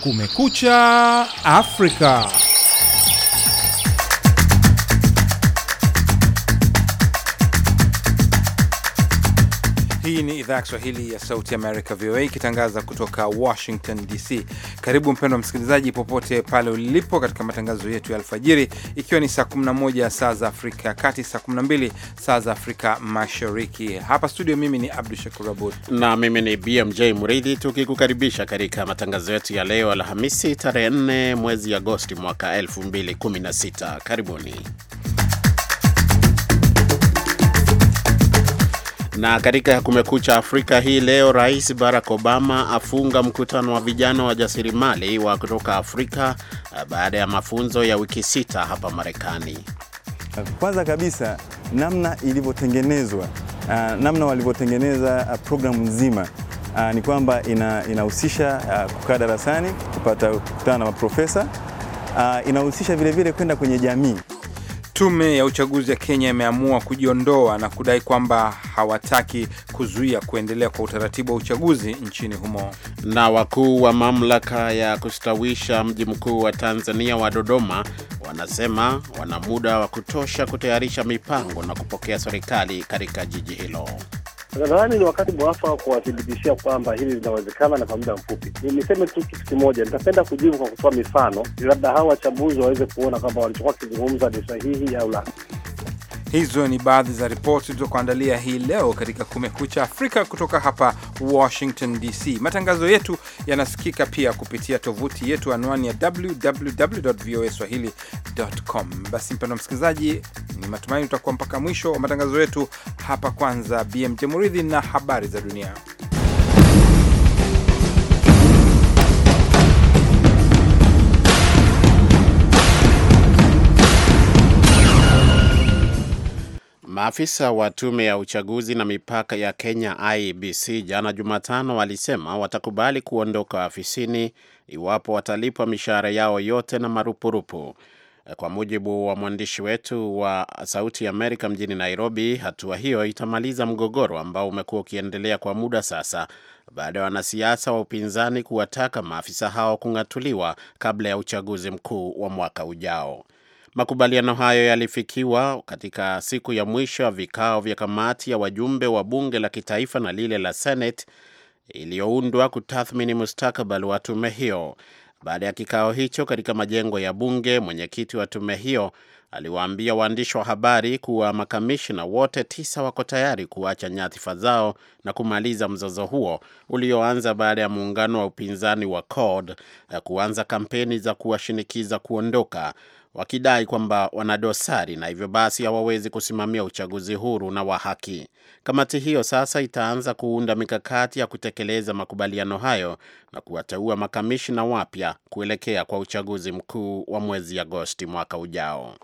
Kumekucha Afrika. Hii ni idhaa ya Kiswahili ya Sauti Amerika, VOA, ikitangaza kutoka Washington DC. Karibu mpendwa msikilizaji, popote pale ulipo, katika matangazo yetu ya alfajiri, ikiwa ni saa 11 saa za Afrika ya Kati, saa 12 saa za Afrika Mashariki. Hapa studio, mimi ni Abdu Shakur Abud na mimi ni BMJ mridhi tukikukaribisha katika matangazo yetu ya leo Alhamisi, tarehe 4 mwezi Agosti mwaka 2016. Karibuni. Na katika Kumekucha Afrika hii leo, Rais Barack Obama afunga mkutano wa vijana wajasiriamali wa kutoka Afrika eh, baada ya mafunzo ya wiki sita hapa Marekani. Kwanza kabisa namna ilivyotengenezwa, eh, namna walivyotengeneza eh, programu nzima ni kwamba inahusisha kukaa darasani, kupata kukutana na maprofesa, inahusisha vilevile kwenda kwenye jamii Tume ya uchaguzi ya Kenya imeamua kujiondoa na kudai kwamba hawataki kuzuia kuendelea kwa utaratibu wa uchaguzi nchini humo. Na wakuu wa mamlaka ya kustawisha mji mkuu wa Tanzania wa Dodoma wanasema wana muda wa kutosha kutayarisha mipango na kupokea serikali katika jiji hilo. Nadhani ni wakati mwafaka kuwathibitishia kwamba hili linawezekana na kwa muda mfupi. Niseme tu kitu kimoja, nitapenda kujibu kwa kutoa mifano, labda hawa wachambuzi waweze kuona kwamba walichokuwa wakizungumza ni sahihi au la. Hizo ni baadhi za ripoti zilizokuandalia hii leo katika Kumekucha Afrika kutoka hapa Washington DC. Matangazo yetu yanasikika pia kupitia tovuti yetu, anwani ya www voa swahili.com. Basi mpendwa msikilizaji, ni matumaini utakuwa mpaka mwisho wa matangazo yetu hapa. Kwanza BMJ Muridhi na habari za dunia. Maafisa wa tume ya uchaguzi na mipaka ya Kenya ibc jana Jumatano walisema watakubali kuondoka afisini iwapo watalipwa mishahara yao yote na marupurupu. Kwa mujibu wa mwandishi wetu wa Sauti Amerika mjini Nairobi, hatua hiyo itamaliza mgogoro ambao umekuwa ukiendelea kwa muda sasa baada ya wanasiasa wa upinzani kuwataka maafisa hao kung'atuliwa kabla ya uchaguzi mkuu wa mwaka ujao. Makubaliano hayo yalifikiwa katika siku ya mwisho ya vikao vya kamati ya wajumbe wa bunge la kitaifa na lile la Senate iliyoundwa kutathmini mustakabali wa tume hiyo. Baada ya kikao hicho katika majengo ya bunge, mwenyekiti wa tume hiyo aliwaambia waandishi wa habari kuwa makamishna wote tisa wako tayari kuacha nyadhifa zao na kumaliza mzozo huo ulioanza baada ya muungano wa upinzani wa CORD kuanza kampeni za kuwashinikiza kuondoka wakidai kwamba wana dosari na hivyo basi hawawezi kusimamia uchaguzi huru na wa haki. Kamati hiyo sasa itaanza kuunda mikakati ya kutekeleza makubaliano hayo na kuwateua makamishina wapya kuelekea kwa uchaguzi mkuu wa mwezi Agosti mwaka ujao.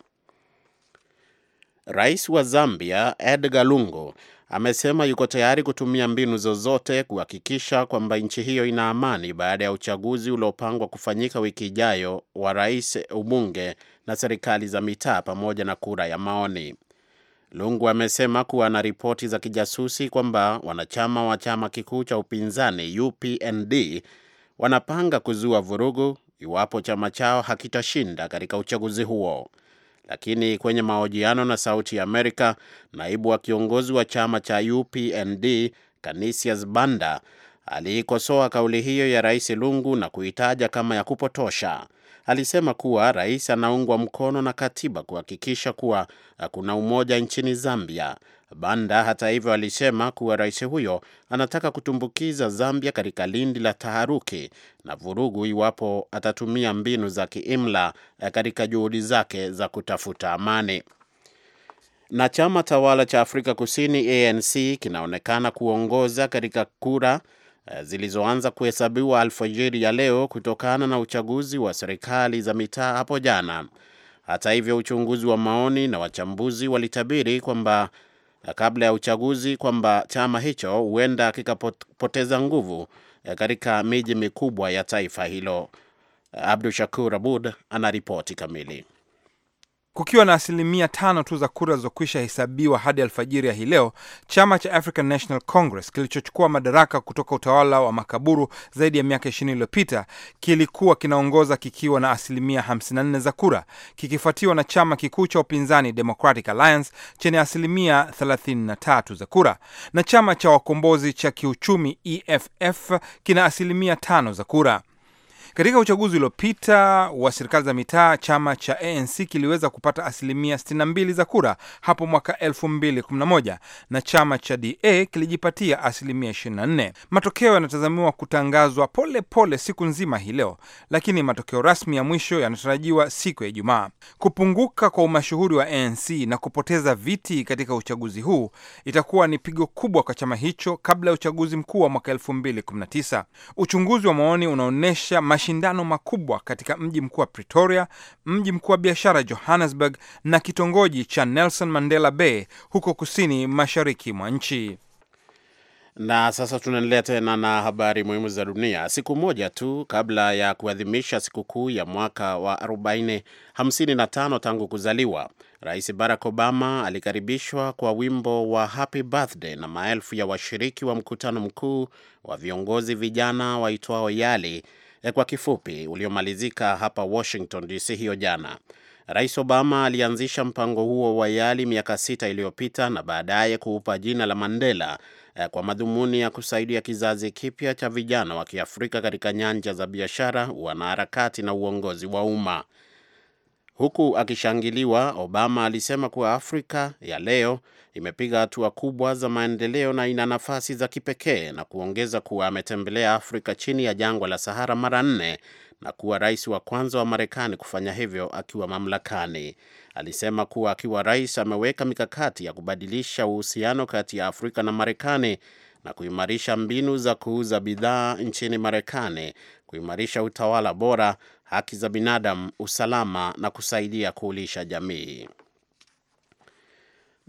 Rais wa Zambia Edgar Lungu amesema yuko tayari kutumia mbinu zozote kuhakikisha kwamba nchi hiyo ina amani baada ya uchaguzi uliopangwa kufanyika wiki ijayo wa rais, ubunge na serikali za mitaa pamoja na kura ya maoni. Lungu amesema kuwa na ripoti za kijasusi kwamba wanachama wa chama kikuu cha upinzani UPND wanapanga kuzua vurugu iwapo chama chao hakitashinda katika uchaguzi huo. Lakini kwenye mahojiano na Sauti ya Amerika, naibu wa kiongozi wa chama cha UPND Canisius Banda aliikosoa kauli hiyo ya Rais Lungu na kuitaja kama ya kupotosha alisema kuwa rais anaungwa mkono na katiba kuhakikisha kuwa kuna umoja nchini Zambia. Banda hata hivyo alisema kuwa rais huyo anataka kutumbukiza Zambia katika lindi la taharuki na vurugu iwapo atatumia mbinu za kiimla eh, katika juhudi zake za kutafuta amani. Na chama tawala cha Afrika Kusini ANC kinaonekana kuongoza katika kura Eh, zilizoanza kuhesabiwa alfajiri ya leo kutokana na uchaguzi wa serikali za mitaa hapo jana. Hata hivyo, uchunguzi wa maoni na wachambuzi walitabiri kwamba eh, kabla ya uchaguzi kwamba chama hicho huenda kikapoteza nguvu eh, katika miji mikubwa ya taifa hilo. Abdu Shakur Abud ana ripoti kamili. Kukiwa na asilimia tano tu za kura zilizokwisha hesabiwa hadi alfajiri ya hii leo, chama cha African National Congress kilichochukua madaraka kutoka utawala wa makaburu zaidi ya miaka ishirini iliyopita kilikuwa kinaongoza kikiwa na asilimia 54 za kura, kikifuatiwa na chama kikuu cha upinzani Democratic Alliance chenye asilimia 33 za kura, na chama cha wakombozi cha kiuchumi EFF kina asilimia tano za kura. Katika uchaguzi uliopita wa serikali za mitaa, chama cha ANC kiliweza kupata asilimia 62 za kura hapo mwaka 2011 na chama cha DA kilijipatia asilimia 24. Matokeo yanatazamiwa kutangazwa pole pole siku nzima hii leo, lakini matokeo rasmi ya mwisho yanatarajiwa siku ya Ijumaa. Kupunguka kwa umashuhuri wa ANC na kupoteza viti katika uchaguzi huu itakuwa ni pigo kubwa kwa chama hicho kabla ya uchaguzi mkuu wa mwaka 2019. Uchunguzi wa maoni unaonyesha mashindano makubwa katika mji mkuu wa Pretoria, mji mkuu wa biashara Johannesburg, na kitongoji cha Nelson Mandela Bay huko kusini mashariki mwa nchi. Na sasa tunaendelea tena na habari muhimu za dunia. Siku moja tu kabla ya kuadhimisha sikukuu ya mwaka wa 455 tangu kuzaliwa, Rais Barack Obama alikaribishwa kwa wimbo wa Happy Birthday na maelfu ya washiriki wa mkutano mkuu wa viongozi vijana waitwao Yali Eh, kwa kifupi uliomalizika hapa Washington DC hiyo jana. Rais Obama alianzisha mpango huo wa YALI miaka sita iliyopita na baadaye kuupa jina la Mandela eh, kwa madhumuni ya kusaidia kizazi kipya cha vijana wa Kiafrika katika nyanja za biashara, wanaharakati na uongozi wa umma. Huku akishangiliwa, Obama alisema kuwa Afrika ya leo imepiga hatua kubwa za maendeleo na ina nafasi za kipekee, na kuongeza kuwa ametembelea Afrika chini ya jangwa la Sahara mara nne na kuwa rais wa kwanza wa Marekani kufanya hivyo akiwa mamlakani. Alisema kuwa akiwa rais ameweka mikakati ya kubadilisha uhusiano kati ya Afrika na Marekani na kuimarisha mbinu za kuuza bidhaa nchini Marekani, kuimarisha utawala bora haki za binadamu, usalama na kusaidia kuulisha jamii.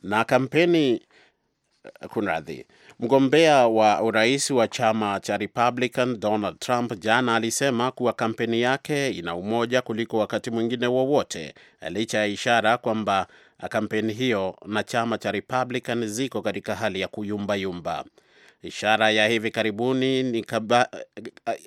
Na kampeni eh, kunradhi, mgombea wa urais wa chama cha Republican Donald Trump jana alisema kuwa kampeni yake ina umoja kuliko wakati mwingine wowote wa eh, licha ya ishara kwamba eh, kampeni hiyo na chama cha Republican ziko katika hali ya kuyumbayumba. Ishara ya hivi karibuni ni kaba,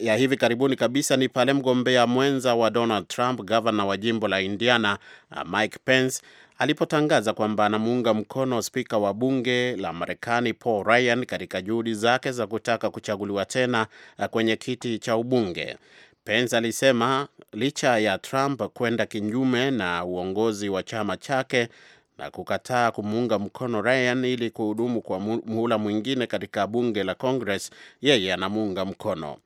ya hivi karibuni kabisa ni pale mgombea mwenza wa Donald Trump, gavana wa jimbo la Indiana uh, Mike Pence alipotangaza kwamba anamuunga mkono spika wa bunge la Marekani Paul Ryan katika juhudi zake za kutaka kuchaguliwa tena uh, kwenye kiti cha ubunge. Pence alisema licha ya Trump kwenda kinyume na uongozi wa chama chake na kukataa kumuunga mkono Ryan ili kuhudumu kwa muhula mwingine katika bunge la Congress, yeye anamuunga mkono.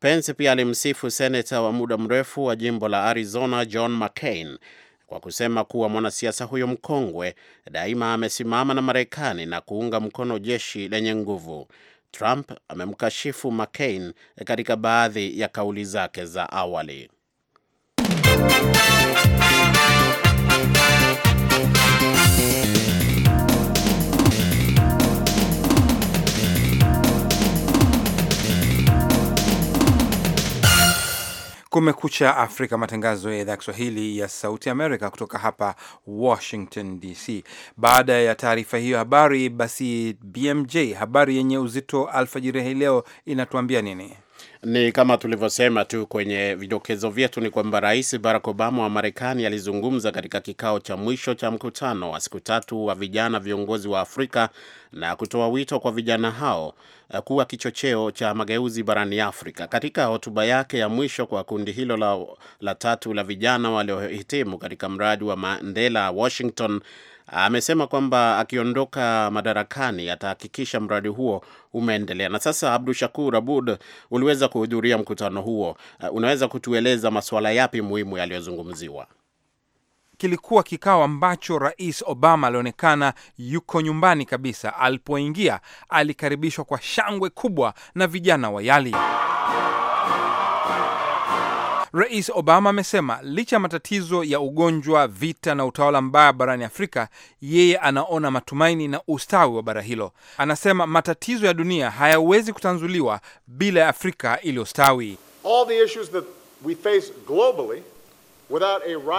Pence pia alimsifu senata wa muda mrefu wa jimbo la Arizona John McCain kwa kusema kuwa mwanasiasa huyo mkongwe daima amesimama na Marekani na kuunga mkono jeshi lenye nguvu. Trump amemkashifu McCain katika baadhi ya kauli zake za awali. Kumekucha Afrika, matangazo ya idhaa Kiswahili ya Sauti Amerika kutoka hapa Washington DC. Baada ya taarifa hiyo habari, basi BMJ, habari yenye uzito alfajiri hii leo inatuambia nini? Ni kama tulivyosema tu kwenye vidokezo vyetu, ni kwamba Rais Barack Obama wa Marekani alizungumza katika kikao cha mwisho cha mkutano wa siku tatu wa vijana viongozi wa Afrika na kutoa wito kwa vijana hao eh, kuwa kichocheo cha mageuzi barani Afrika. Katika hotuba yake ya mwisho kwa kundi hilo la, la tatu la vijana waliohitimu katika mradi wa Mandela Washington, amesema kwamba akiondoka madarakani atahakikisha mradi huo umeendelea. Na sasa, Abdu Shakur Abud, uliweza kuhudhuria mkutano huo, uh, unaweza kutueleza masuala yapi muhimu yaliyozungumziwa? Kilikuwa kikao ambacho Rais Obama alionekana yuko nyumbani kabisa. Alipoingia alikaribishwa kwa shangwe kubwa na vijana wa Yali. Rais Obama amesema licha ya matatizo ya ugonjwa, vita na utawala mbaya barani Afrika, yeye anaona matumaini na ustawi wa bara hilo. Anasema matatizo ya dunia hayawezi kutanzuliwa bila ya Afrika iliyostawi.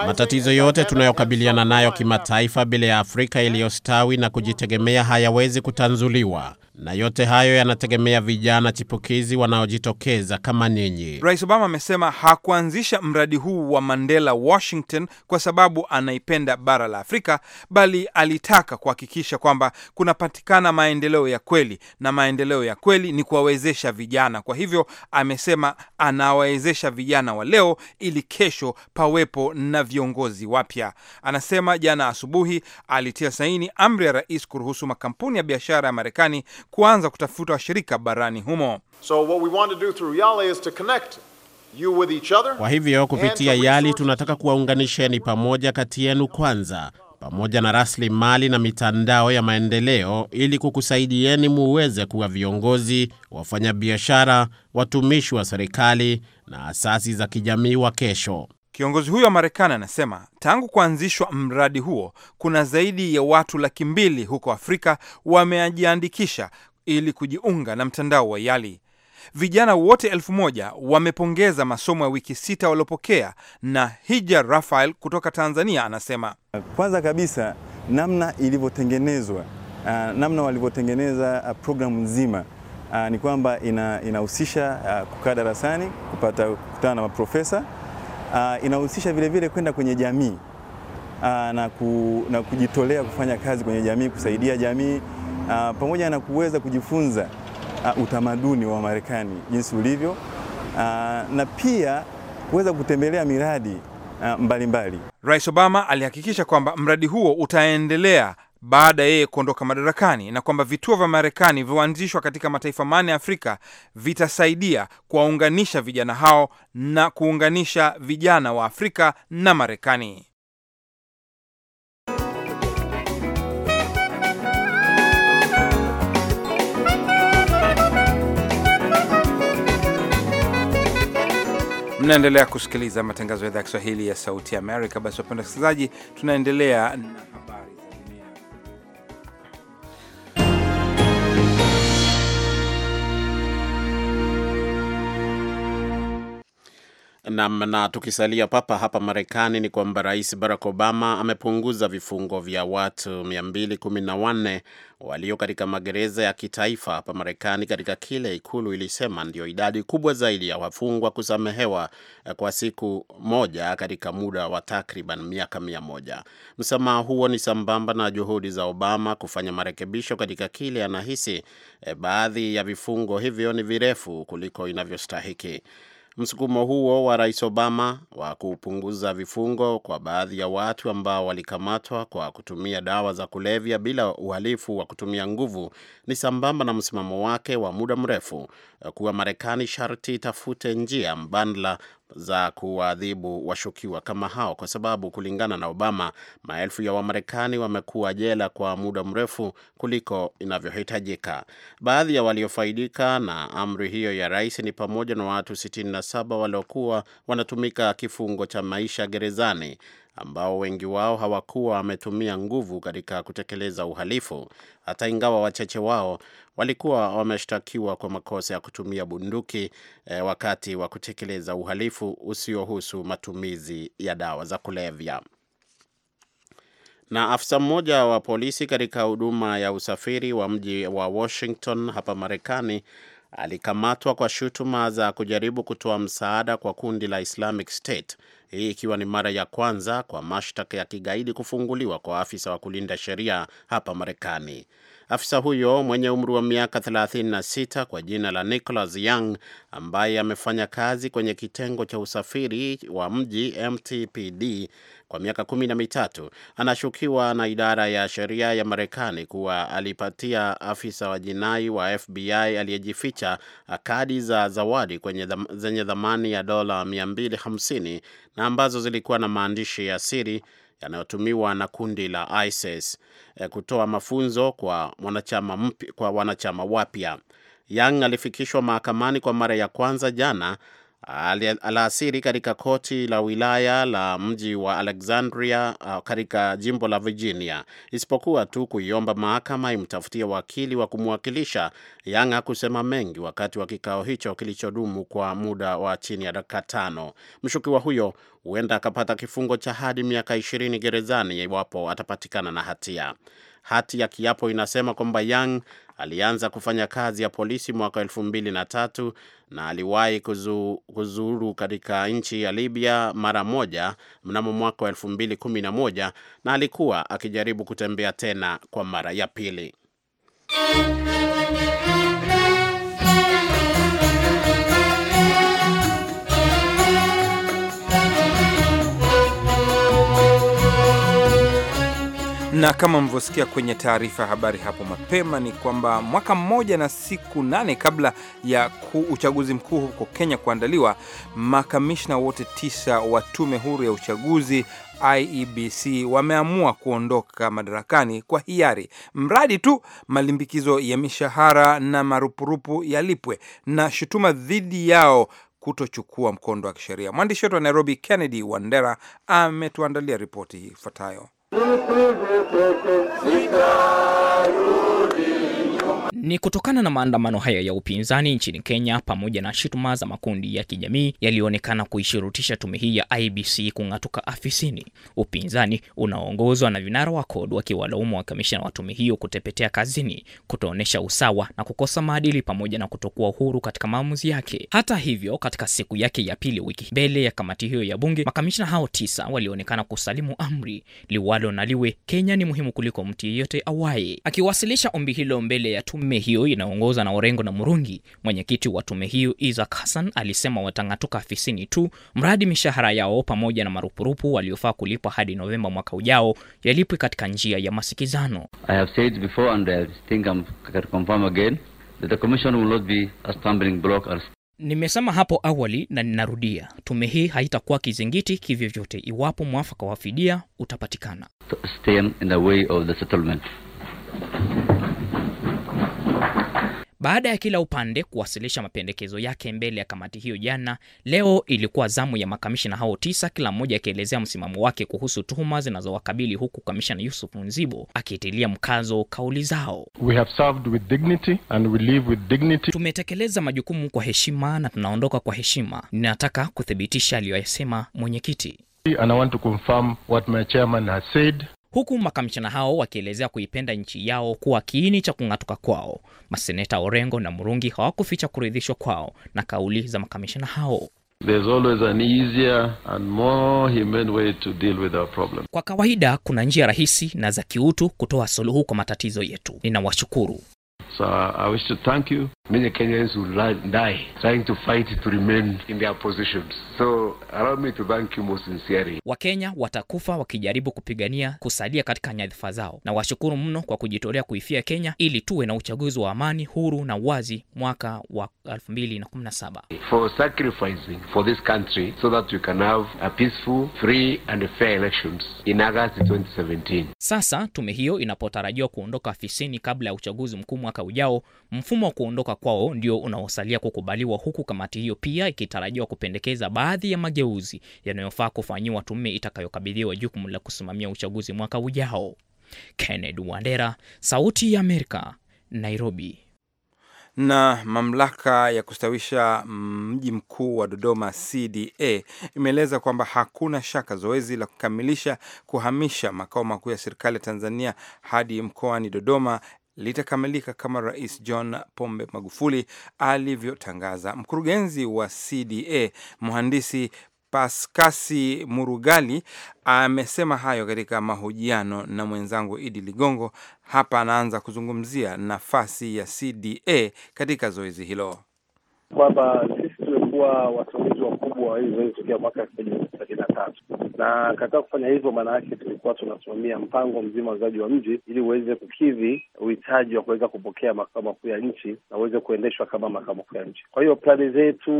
Matatizo yote tunayokabiliana nayo kimataifa bila ya Afrika iliyostawi na kujitegemea hayawezi kutanzuliwa na yote hayo yanategemea vijana chipukizi wanaojitokeza kama ninyi. Rais Obama amesema hakuanzisha mradi huu wa Mandela Washington kwa sababu anaipenda bara la Afrika, bali alitaka kuhakikisha kwamba kunapatikana maendeleo ya kweli, na maendeleo ya kweli ni kuwawezesha vijana. Kwa hivyo amesema anawawezesha vijana wa leo ili kesho pawepo na viongozi wapya. Anasema jana asubuhi alitia saini amri ya rais kuruhusu makampuni ya biashara ya Marekani kuanza kutafuta washirika barani humo. Kwa hivyo kupitia YALI tunataka kuwaunganisheni pamoja kati yenu kwanza, pamoja na rasilimali na mitandao ya maendeleo, ili kukusaidieni muweze kuwa viongozi, wafanyabiashara, watumishi wa serikali na asasi za kijamii wa kesho. Kiongozi huyo wa Marekani anasema tangu kuanzishwa mradi huo kuna zaidi ya watu laki mbili huko Afrika wamejiandikisha ili kujiunga na mtandao wa Yali. Vijana wote elfu moja wamepongeza masomo ya wiki sita waliopokea. Na Hija Rafael kutoka Tanzania anasema kwanza kabisa namna ilivyotengenezwa, uh, namna walivyotengeneza uh, programu nzima uh, ni kwamba inahusisha ina uh, kukaa darasani, kupata kukutana na maprofesa uh, inahusisha vilevile kwenda kwenye jamii uh, na, ku, na kujitolea kufanya kazi kwenye jamii, kusaidia jamii uh, pamoja na kuweza kujifunza uh, utamaduni wa Marekani jinsi ulivyo uh, na pia kuweza kutembelea miradi mbalimbali uh, mbalimbali. Rais Obama alihakikisha kwamba mradi huo utaendelea baada ya yeye kuondoka madarakani, na kwamba vituo vya Marekani vilivyoanzishwa katika mataifa manne ya Afrika vitasaidia kuwaunganisha vijana hao na kuunganisha vijana wa Afrika na Marekani. Mnaendelea kusikiliza matangazo ya idhaa ya Kiswahili ya Sauti ya Amerika. Basi wapenda wasikilizaji, tunaendelea na, na tukisalia papa hapa Marekani ni kwamba Rais Barack Obama amepunguza vifungo vya watu 214 walio katika magereza ya kitaifa hapa Marekani katika kile ikulu ilisema ndio idadi kubwa zaidi ya wafungwa kusamehewa kwa siku moja katika muda wa takriban miaka mia moja. Msamaha huo ni sambamba na juhudi za Obama kufanya marekebisho katika kile anahisi eh, baadhi ya vifungo hivyo ni virefu kuliko inavyostahiki. Msukumo huo wa Rais Obama wa kupunguza vifungo kwa baadhi ya watu ambao walikamatwa kwa kutumia dawa za kulevya bila uhalifu wa kutumia nguvu ni sambamba na msimamo wake wa muda mrefu kuwa Marekani sharti itafute njia mbadala za kuwaadhibu washukiwa kama hao, kwa sababu kulingana na Obama, maelfu ya Wamarekani wamekuwa jela kwa muda mrefu kuliko inavyohitajika. Baadhi ya waliofaidika na amri hiyo ya rais ni pamoja na watu 67 waliokuwa wanatumika kifungo cha maisha gerezani ambao wengi wao hawakuwa wametumia nguvu katika kutekeleza uhalifu, hata ingawa wachache wao walikuwa wameshtakiwa kwa makosa ya kutumia bunduki eh, wakati wa kutekeleza uhalifu usiohusu matumizi ya dawa za kulevya. Na afisa mmoja wa polisi katika huduma ya usafiri wa mji wa Washington hapa Marekani alikamatwa kwa shutuma za kujaribu kutoa msaada kwa kundi la Islamic State hii ikiwa ni mara ya kwanza kwa mashtaka ya kigaidi kufunguliwa kwa afisa wa kulinda sheria hapa Marekani. Afisa huyo mwenye umri wa miaka 36 kwa jina la Nicholas Young, ambaye amefanya kazi kwenye kitengo cha usafiri wa mji MTPD kwa miaka kumi na mitatu, anashukiwa na idara ya sheria ya Marekani kuwa alipatia afisa wa jinai wa FBI aliyejificha kadi za zawadi kwenye dham, zenye dhamani ya dola 250 na ambazo zilikuwa na maandishi ya siri yanayotumiwa na kundi la ISIS eh, kutoa mafunzo kwa, wanachama, mpi, kwa wanachama wapya. Yang alifikishwa mahakamani kwa mara ya kwanza jana alasiri katika koti la wilaya la mji wa Alexandria uh, katika jimbo la Virginia, isipokuwa tu kuiomba mahakama imtafutie wakili wa kumwakilisha. Yang hakusema mengi wakati wa kikao hicho kilichodumu kwa muda wa chini ya dakika tano. Mshukiwa huyo huenda akapata kifungo cha hadi miaka ishirini gerezani iwapo atapatikana na hatia. Hati ya kiapo inasema kwamba Yang Alianza kufanya kazi ya polisi mwaka elfu mbili na tatu na aliwahi kuzuru katika nchi ya Libya mara moja mnamo mwaka wa elfu mbili kumi na moja na alikuwa akijaribu kutembea tena kwa mara ya pili. na kama mlivyosikia kwenye taarifa ya habari hapo mapema ni kwamba mwaka mmoja na siku nane kabla ya uchaguzi mkuu huko Kenya kuandaliwa, makamishna wote tisa wa tume huru ya uchaguzi IEBC wameamua kuondoka madarakani kwa hiari, mradi tu malimbikizo ya mishahara na marupurupu yalipwe na shutuma dhidi yao kutochukua mkondo wa kisheria. Mwandishi wetu wa Nairobi, Kennedy Wandera, ametuandalia ripoti ifuatayo. Sitaruri. Ni kutokana na maandamano haya ya upinzani nchini Kenya pamoja na shutuma za makundi ya kijamii yaliyoonekana kuishurutisha tume hii ya IBC kung'atuka afisini, upinzani unaoongozwa na vinara wa kod wakiwalaumu wakamishina wa tume hiyo kutepetea kazini, kutoonyesha usawa na kukosa maadili pamoja na kutokuwa uhuru katika maamuzi yake. Hata hivyo, katika siku yake ya pili wiki mbele ya kamati hiyo ya bunge, makamishina hao tisa walionekana kusalimu amri, liwalo na liwe, Kenya ni muhimu kuliko mtu yeyote awaye. Akiwasilisha ombi hilo mbele ya tume tume hiyo inayoongozwa na Orengo na Murungi. Mwenyekiti wa tume hiyo isa Hassan alisema watang'atuka afisini tu mradi mishahara yao pamoja na marupurupu waliofaa kulipwa hadi Novemba mwaka ujao yalipwe katika njia ya masikizano. Nimesema hapo awali na ninarudia, tume hii haitakuwa kizingiti kivyovyote iwapo mwafaka wa fidia utapatikana. Baada ya kila upande kuwasilisha mapendekezo yake mbele ya kamati hiyo jana, leo ilikuwa zamu ya makamishina hao tisa, kila mmoja akielezea msimamo wake kuhusu tuhuma zinazowakabili, huku kamishna Yusuf Nzibo akitilia mkazo kauli zao. We have served with dignity and we live with dignity. Tumetekeleza majukumu kwa heshima na tunaondoka kwa heshima. Ninataka kuthibitisha aliyoyasema mwenyekiti huku makamishana hao wakielezea kuipenda nchi yao kuwa kiini cha kung'atuka kwao. Maseneta Orengo na Murungi hawakuficha kuridhishwa kwao na kauli za makamishana hao. an and more way to deal with our Kwa kawaida kuna njia rahisi na za kiutu kutoa suluhu kwa matatizo yetu. Ninawashukuru. So, Many Kenyans will die trying to fight to remain in their positions. So allow me to thank you most sincerely. Wakenya watakufa wakijaribu kupigania kusalia katika nyadhifa zao, na washukuru mno kwa kujitolea kuifia Kenya ili tuwe na uchaguzi wa amani, huru na wazi mwaka wa 2017. For sacrificing for this country so that we can have a peaceful, free and fair elections in August 2017. Sasa tume hiyo inapotarajiwa kuondoka afisini kabla ya uchaguzi mkuu mwaka ujao, mfumo wa kuondoka kutoka kwao ndio unaosalia kukubaliwa, huku kamati hiyo pia ikitarajiwa kupendekeza baadhi ya mageuzi yanayofaa kufanyiwa tume itakayokabidhiwa jukumu la kusimamia uchaguzi mwaka ujao. kenned Wandera, Sauti ya Amerika, Nairobi. Na mamlaka ya kustawisha mji mkuu wa Dodoma CDA imeeleza kwamba hakuna shaka zoezi la kukamilisha kuhamisha makao makuu ya serikali ya Tanzania hadi mkoani Dodoma litakamilika kama Rais John Pombe Magufuli alivyotangaza. Mkurugenzi wa CDA mhandisi Paskasi Murugali amesema hayo katika mahojiano na mwenzangu Idi Ligongo. Hapa anaanza kuzungumzia nafasi ya CDA katika zoezi hilo, kwamba sisi tumekuwa wasimamizi wa kuwa hili mwaka elfu moja mia tisa sabini na tatu na katika kufanya hivyo, maana yake tulikuwa tunasimamia mpango mzima wa uzaji wa mji ili uweze kukidhi uhitaji wa kuweza kupokea makao makuu ya nchi na uweze kuendeshwa kama makao makuu ya nchi. Kwa hiyo plani zetu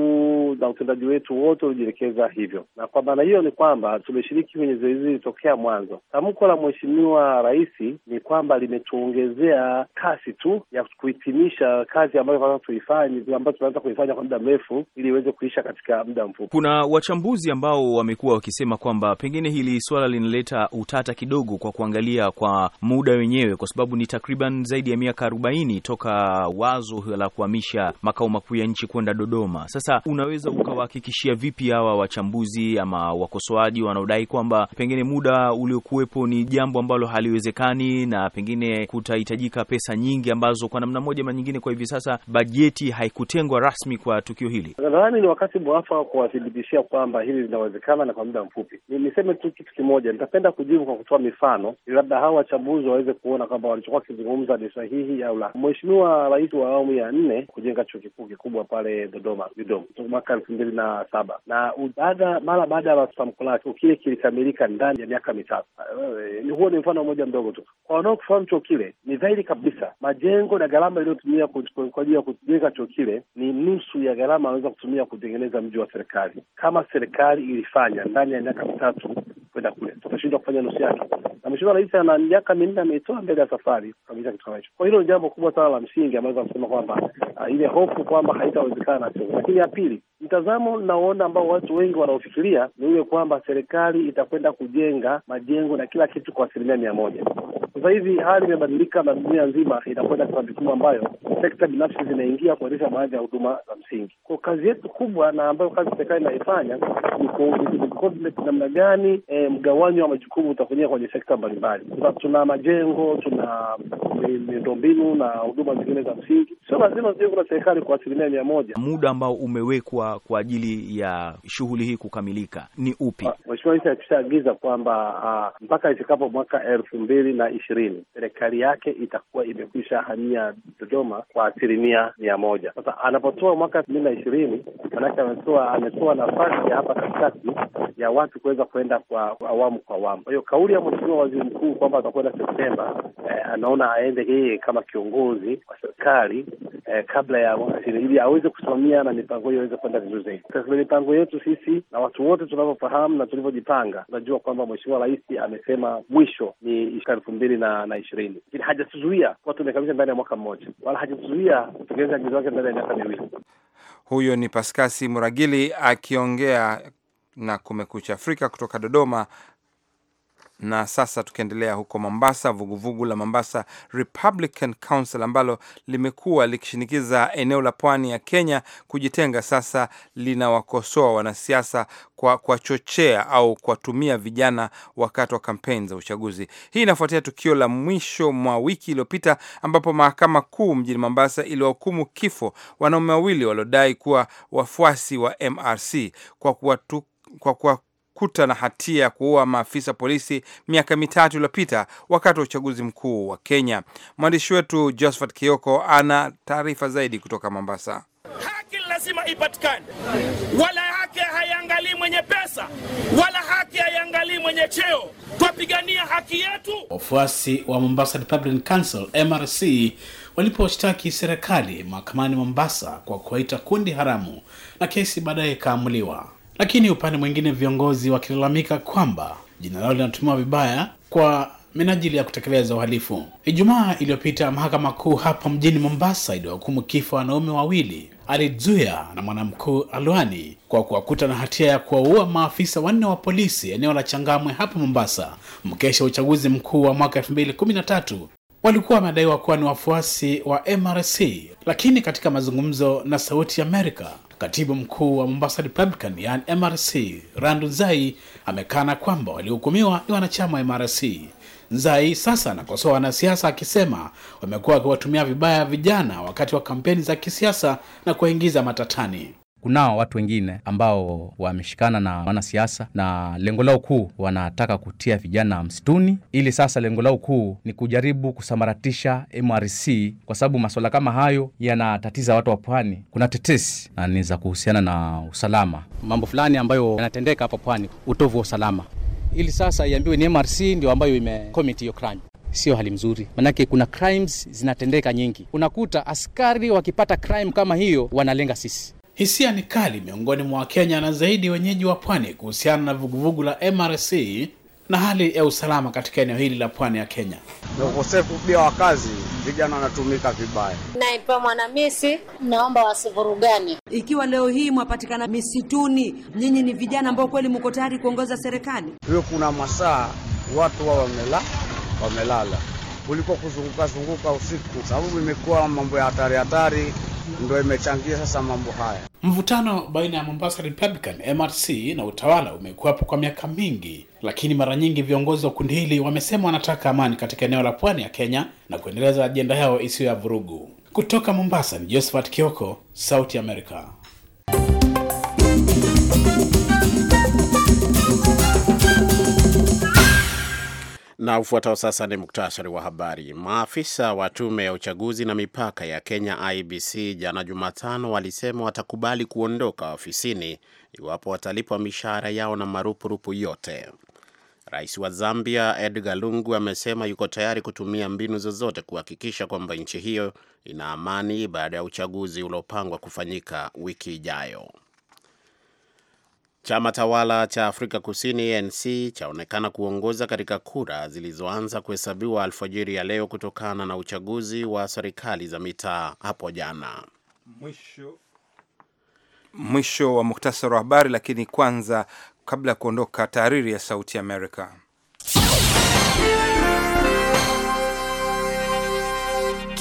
na utendaji wetu wote ulijielekeza hivyo, na kwa maana hiyo ni kwamba tumeshiriki kwenye zoezi hili mwanzo. Tamko la Mheshimiwa Rais ni kwamba limetuongezea kasi tu ya kuhitimisha kazi ambayo tunaanza kuifanya ambayo tunaanza kuifanya kwa muda mrefu ili iweze kuisha katika muda mfupi kuna wachambuzi ambao wamekuwa wakisema kwamba pengine hili swala linaleta utata kidogo kwa kuangalia kwa muda wenyewe, kwa sababu ni takriban zaidi ya miaka arobaini toka wazo la kuhamisha makao makuu ya nchi kwenda Dodoma. Sasa unaweza ukawahakikishia vipi hawa wachambuzi ama wakosoaji wanaodai kwamba pengine muda uliokuwepo ni jambo ambalo haliwezekani na pengine kutahitajika pesa nyingi ambazo kwa namna moja ama nyingine kwa hivi sasa bajeti haikutengwa rasmi kwa tukio hili? Nadhani ni wakati mwafaka kwa kunithibitishia kwamba hili linawezekana na kwa muda mfupi. Ni, niseme tu kitu kimoja, nitapenda kujibu kwa kutoa mifano ili labda hawa wachambuzi waweze kuona kwamba walichokuwa wakizungumza ni sahihi au la. Mheshimiwa Rais wa awamu ya nne kujenga chuo kikuu kikubwa pale Dodoma Dodoma mwaka elfu mbili na saba na baada mara baada ya tamko lake kile kilikamilika ndani ya miaka mitatu. Uh, huo ni mfano mmoja mdogo tu. Kwa wanaokifahamu chuo kile, ni dhahiri kabisa majengo na gharama iliyotumia kwa ajili ya kujenga chuo kile ni nusu ya gharama anaweza kutumia kutengeneza mji wa serikali serikali. Kama serikali ilifanya ndani ya miaka mitatu kwenda kule, tutashindwa kufanya nusu yake, na mheshimiwa rais ana miaka minne ameitoa mbele ya safari kukamilisha kitu kama hicho. Kwa hilo ni jambo kubwa sana la msingi ambazo kusema kwamba uh, ile hofu kwamba haitawezekana sio. Lakini ya pili, mtazamo naona ambao watu wengi wanaofikiria ni ule kwamba serikali itakwenda kujenga majengo na kila kitu kwa asilimia mia moja. Sasa hivi hali imebadilika na dunia nzima inakwenda kwa jukumu ambayo sekta binafsi zinaingia kuendesha baadhi ya huduma za msingi. Kwa kazi yetu kubwa na ambayo kazi serikali inaifanya ni coordinate namna gani e, mgawanyo wa majukumu utafanyika kwenye sekta mbalimbali. Tuna majengo, tuna miundombinu na huduma zingine za msingi, sio lazima ziwe na serikali kwa asilimia mia moja. Muda ambao umewekwa kwa ajili ya shughuli hii kukamilika ni upi? Ah, Mheshimiwa Rais akishaagiza kwamba ah, mpaka ifikapo mwaka elfu mbili na ishirini serikali yake itakuwa imekwisha hamia Dodoma kwa asilimia mia moja. Sasa anapotoa mwaka elfu mbili na ishirini manake ametoa ametoa nafasi ya hapa katikati ya watu kuweza kuenda kwa awamu kwa awamu. Kwa hiyo kauli ya mheshimiwa waziri mkuu kwamba atakwenda Septemba eh, anaona aende yeye kama kiongozi wa serikali eh, kabla ya mwaka ishirini ili aweze kusimamia na mipango hiyo iweze kuenda vizuri zaidi. Katika mipango yetu sisi na watu wote tunavyofahamu na tulivyojipanga, tunajua kwamba mheshimiwa rais amesema mwisho ni elfu mbili mbili na na ishirini, lakini hajatuzuia kuwa tumekamilisha ndani ya mwaka mmoja, wala hajatuzuia kutekeleza agizo wake ndani ya miaka miwili. Huyo ni Paskasi Muragili akiongea na Kumekucha Afrika kutoka Dodoma na sasa tukiendelea huko Mombasa, vuguvugu vugu la Mombasa Republican Council ambalo limekuwa likishinikiza eneo la pwani ya Kenya kujitenga, sasa linawakosoa wanasiasa kwa kuwachochea au kuwatumia vijana wakati wa kampeni za uchaguzi. Hii inafuatia tukio la mwisho mwa wiki iliyopita ambapo mahakama kuu mjini Mombasa iliwahukumu kifo wanaume wawili waliodai kuwa wafuasi wa MRC kwa kuwatu, kwa kuwa kumkuta na hatia ya kuua maafisa polisi miaka mitatu iliyopita wakati wa uchaguzi mkuu wa Kenya. Mwandishi wetu Josephat Kioko ana taarifa zaidi kutoka Mombasa. Haki lazima ipatikane, wala haki haiangalii mwenye pesa, wala haki haiangalii mwenye cheo. Twapigania haki yetu. Wafuasi wa Mombasa Republican Council MRC walipowashtaki serikali mahakamani Mombasa kwa kuwaita kundi haramu, na kesi baadaye ikaamuliwa. Lakini upande mwingine, viongozi wakilalamika kwamba jina lao linatumiwa vibaya kwa minajili ya kutekeleza uhalifu. Ijumaa iliyopita mahakama kuu hapa mjini Mombasa iliyohukumu kifo wanaume wawili alizuya na Mwanamkuu Alwani kwa kuwakuta na hatia ya kuwaua maafisa wanne wa polisi eneo la Changamwe hapa Mombasa, mkesha uchaguzi mkuu wa mwaka 213 walikuwa wamedaiwa kuwa ni wafuasi wa MRC, lakini katika mazungumzo na Sauti Amerika, katibu mkuu wa Mombasa Republican yani MRC Randu Nzai amekana kwamba waliohukumiwa ni wanachama wa MRC. Nzai sasa anakosoa wanasiasa akisema wamekuwa wakiwatumia vibaya vijana wakati wa kampeni za kisiasa na kuwaingiza matatani kunao watu wengine ambao wameshikana na wanasiasa na lengo lao kuu wanataka kutia vijana msituni, ili sasa lengo lao kuu ni kujaribu kusambaratisha MRC kwa sababu masuala kama hayo yanatatiza watu wa pwani. Kuna tetesi na ni za kuhusiana na usalama, mambo fulani ambayo yanatendeka hapa pwani, utovu wa usalama, ili sasa iambiwe ni MRC ndio ambayo imecommit hiyo crime. Sio hali mzuri, manake kuna crimes zinatendeka nyingi. Unakuta askari wakipata crime kama hiyo wanalenga sisi Hisia ni kali miongoni mwa Wakenya na zaidi wenyeji wa pwani kuhusiana na vuguvugu la MRC na hali ya usalama katika eneo hili la pwani ya Kenya. Na ukosefu pia wa kazi, vijana wanatumika vibaya. Naitwa Mwanamisi, naomba wasivurugani. Ikiwa leo hii mwapatikana misituni, nyinyi ni vijana ambao kweli mko tayari kuongoza serikali hiyo, kuna masaa watu wao wamela wamelala kuliko kuzunguka zunguka usiku, sababu imekuwa mambo ya hatari hatari ndio imechangia sasa mambo haya. Mvutano baina ya Mombasa Republican MRC na utawala umekuwapo kwa miaka mingi, lakini mara nyingi viongozi wa kundi hili wamesema wanataka amani katika eneo la pwani ya Kenya na kuendeleza ajenda yao isiyo ya vurugu. Kutoka Mombasa ni Josephat Kioko, Sauti America. Na ufuatao sasa ni muktasari wa habari. Maafisa wa tume ya uchaguzi na mipaka ya Kenya IBC jana Jumatano walisema watakubali kuondoka ofisini iwapo watalipwa mishahara yao na marupurupu yote. Rais wa Zambia Edgar Lungu amesema yuko tayari kutumia mbinu zozote kuhakikisha kwamba nchi hiyo ina amani baada ya uchaguzi uliopangwa kufanyika wiki ijayo. Chama tawala cha Afrika Kusini ANC chaonekana kuongoza katika kura zilizoanza kuhesabiwa alfajiri ya leo kutokana na uchaguzi wa serikali za mitaa hapo jana. Mwisho, mwisho wa muktasari wa habari, lakini kwanza, kabla ya kuondoka, tahariri ya Sauti Amerika.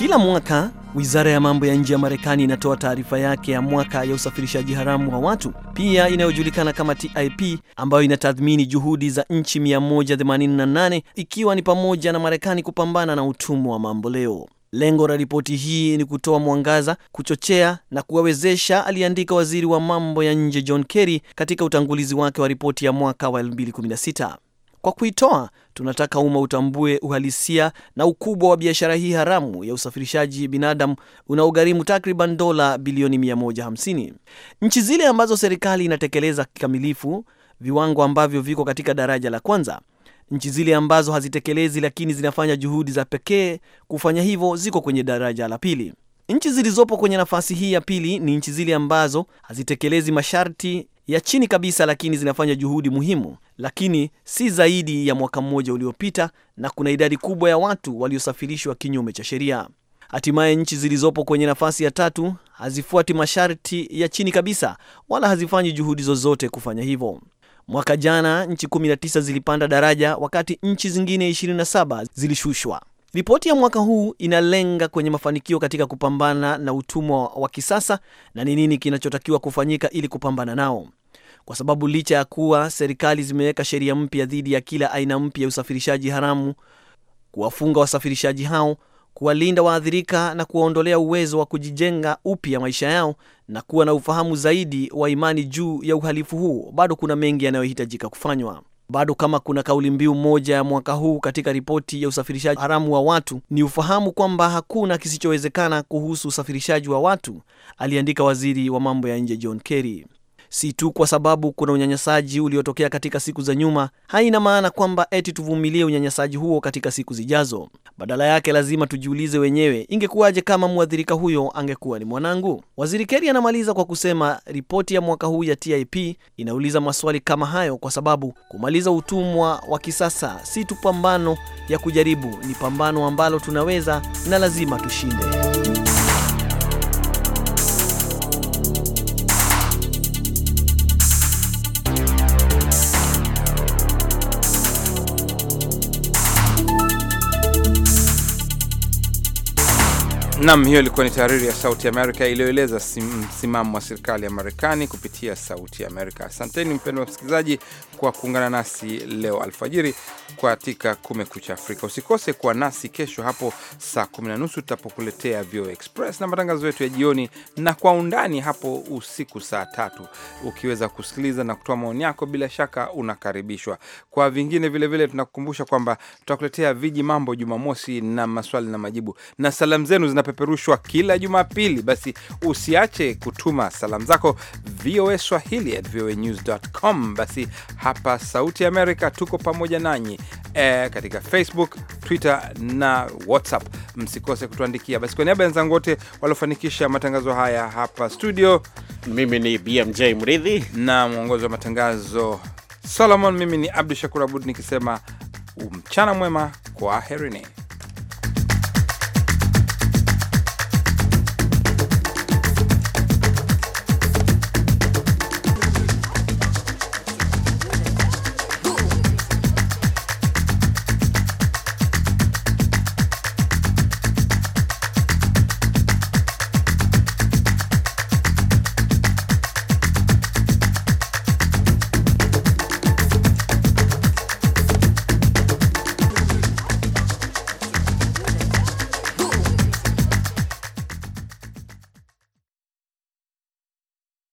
Kila mwaka wizara ya mambo ya nje ya Marekani inatoa taarifa yake ya mwaka ya usafirishaji haramu wa watu, pia inayojulikana kama TIP, ambayo inatathmini juhudi za nchi 188 ikiwa ni pamoja na Marekani kupambana na utumwa wa mamboleo. Lengo la ripoti hii ni kutoa mwangaza, kuchochea na kuwawezesha, aliandika waziri wa mambo ya nje John Kerry katika utangulizi wake wa ripoti ya mwaka wa 2016. Kwa kuitoa, tunataka umma utambue uhalisia na ukubwa wa biashara hii haramu ya usafirishaji binadamu unaogharimu takriban dola bilioni 150. Nchi zile ambazo serikali inatekeleza kikamilifu viwango ambavyo viko katika daraja la kwanza. Nchi zile ambazo hazitekelezi lakini zinafanya juhudi za pekee kufanya hivyo ziko kwenye daraja la pili. Nchi zilizopo kwenye nafasi hii ya pili ni nchi zile ambazo hazitekelezi masharti ya chini kabisa, lakini zinafanya juhudi muhimu, lakini si zaidi ya mwaka mmoja uliopita, na kuna idadi kubwa ya watu waliosafirishwa kinyume cha sheria. Hatimaye nchi zilizopo kwenye nafasi ya tatu hazifuati masharti ya chini kabisa, wala hazifanyi juhudi zozote kufanya hivyo. Mwaka jana nchi 19 zilipanda daraja wakati nchi zingine 27 zilishushwa. Ripoti ya mwaka huu inalenga kwenye mafanikio katika kupambana na utumwa wa kisasa na ni nini kinachotakiwa kufanyika ili kupambana nao, kwa sababu licha ya kuwa serikali zimeweka sheria mpya dhidi ya kila aina mpya ya usafirishaji haramu, kuwafunga wasafirishaji hao, kuwalinda waathirika na kuwaondolea uwezo wa kujijenga upya maisha yao na kuwa na ufahamu zaidi wa imani juu ya uhalifu huu, bado kuna mengi yanayohitajika kufanywa. Bado kama kuna kauli mbiu moja ya mwaka huu katika ripoti ya usafirishaji haramu wa watu ni ufahamu kwamba hakuna kisichowezekana kuhusu usafirishaji wa watu, aliandika waziri wa mambo ya nje John Kerry. Si tu kwa sababu kuna unyanyasaji uliotokea katika siku za nyuma, haina maana kwamba eti tuvumilie unyanyasaji huo katika siku zijazo. Badala yake, lazima tujiulize wenyewe, ingekuwaje kama mwathirika huyo angekuwa ni mwanangu? Waziri keri anamaliza kwa kusema ripoti ya mwaka huu ya TIP inauliza maswali kama hayo, kwa sababu kumaliza utumwa wa kisasa si tu pambano ya kujaribu, ni pambano ambalo tunaweza na lazima tushinde. Nam, hiyo ilikuwa ni tahariri ya Sauti Amerika iliyoeleza msimamo wa serikali ya Marekani kupitia Sauti ya Amerika. Asanteni mpendwa msikilizaji kwa kuungana nasi leo alfajiri katika Kumekucha Afrika. Usikose kuwa nasi kesho hapo saa kumi na nusu tutapokuletea VOA Express na matangazo yetu ya jioni na kwa undani hapo usiku saa tatu. Ukiweza kusikiliza na kutoa maoni yako, bila shaka unakaribishwa. Kwa vingine vilevile, tunakukumbusha kwamba tutakuletea viji mambo Jumamosi na maswali na majibu na salamu zenu zina inapeperushwa kila Jumapili. Basi usiache kutuma salamu zako VOA Swahili at voanews.com. Basi hapa Sauti ya Amerika tuko pamoja nanyi e, katika Facebook, Twitter na WhatsApp. Msikose kutuandikia. Basi kwa niaba ya wenzangu wote waliofanikisha matangazo haya hapa studio, mimi ni BMJ Mridhi na mwongozi wa matangazo Solomon. Mimi ni Abdu Shakur Abud nikisema mchana mwema, kwaherini.